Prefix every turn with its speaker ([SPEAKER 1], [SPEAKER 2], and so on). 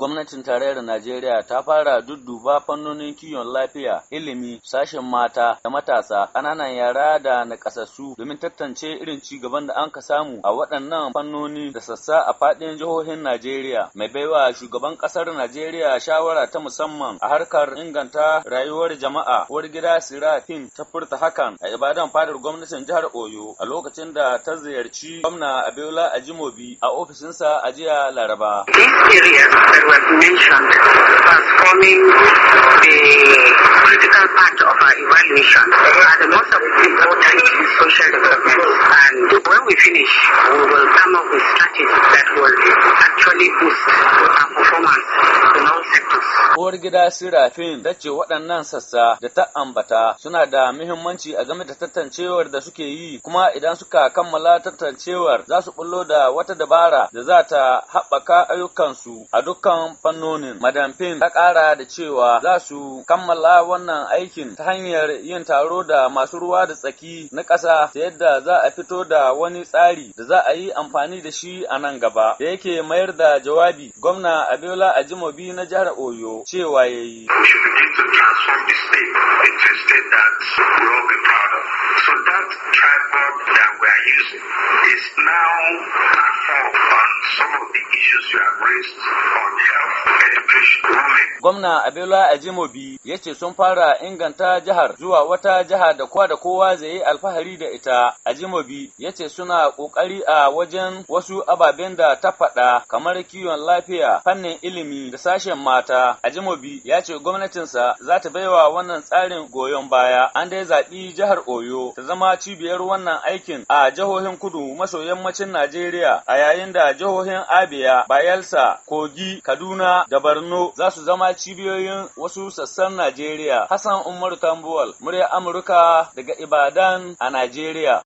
[SPEAKER 1] gwamnatin tarayyar Najeriya ta fara dudduba fannonin kiwon lafiya, ilimi, sashen mata da matasa, ƙananan yara da nakasassu domin tantance irin ci gaban da an ka samu a waɗannan fannoni da sassa a faɗin jihohin Najeriya. Mai baiwa shugaban ƙasar Najeriya shawara ta musamman a harkar inganta rayuwar jama'a, uwar gida Sirafin ta furta hakan a Ibadan fadar gwamnatin jihar Oyo a lokacin da ta ziyarci gwamna Abiola Ajimobi a ofishinsa a jiya Laraba. were mentioned as the critical part of our evaluation. gida Sirafin ta ce waɗannan sassa da ta ambata suna da muhimmanci a game da tantancewar da suke yi kuma idan suka kammala tantancewar za su bullo da wata dabara da za ta haɓaka ayyukansu a dukkan fannonin. Madam Pin ta ƙara da cewa za su kammala wannan aikin ta hanyar yin taro da masu ruwa da tsaki na ƙasa ta yadda za a fito da wani tsari da za a yi amfani da shi a nan gaba. Da yake mayar da jawabi gwamna Abiola Ajimobi na jihar Oyo cewa do We should begin to transform the state into a state that we'll all be proud of. So that tripod that we are using is now platform on some of the Gwamna Abela Ajimobi ya ce sun fara inganta jihar zuwa wata jiha da kowa da kowa zai yi alfahari da ita. Ajimobi ya ce suna ƙoƙari a wajen wasu ababen da ta faɗa kamar kiwon lafiya, fannin ilimi da sashen mata. Ajimobi ya ce gwamnatinsa za ta baiwa wannan tsarin goyon baya. An dai zaɓi jihar Oyo ta zama cibiyar wannan aikin a jihohin kudu maso yammacin Najeriya a yayin da jihohin Abia Bayelsa, Kogi, Kaduna da Borno za su zama cibiyoyin wasu sassan Najeriya. Hassan umaru Tambuwal, murya Amurka daga Ibadan a Najeriya.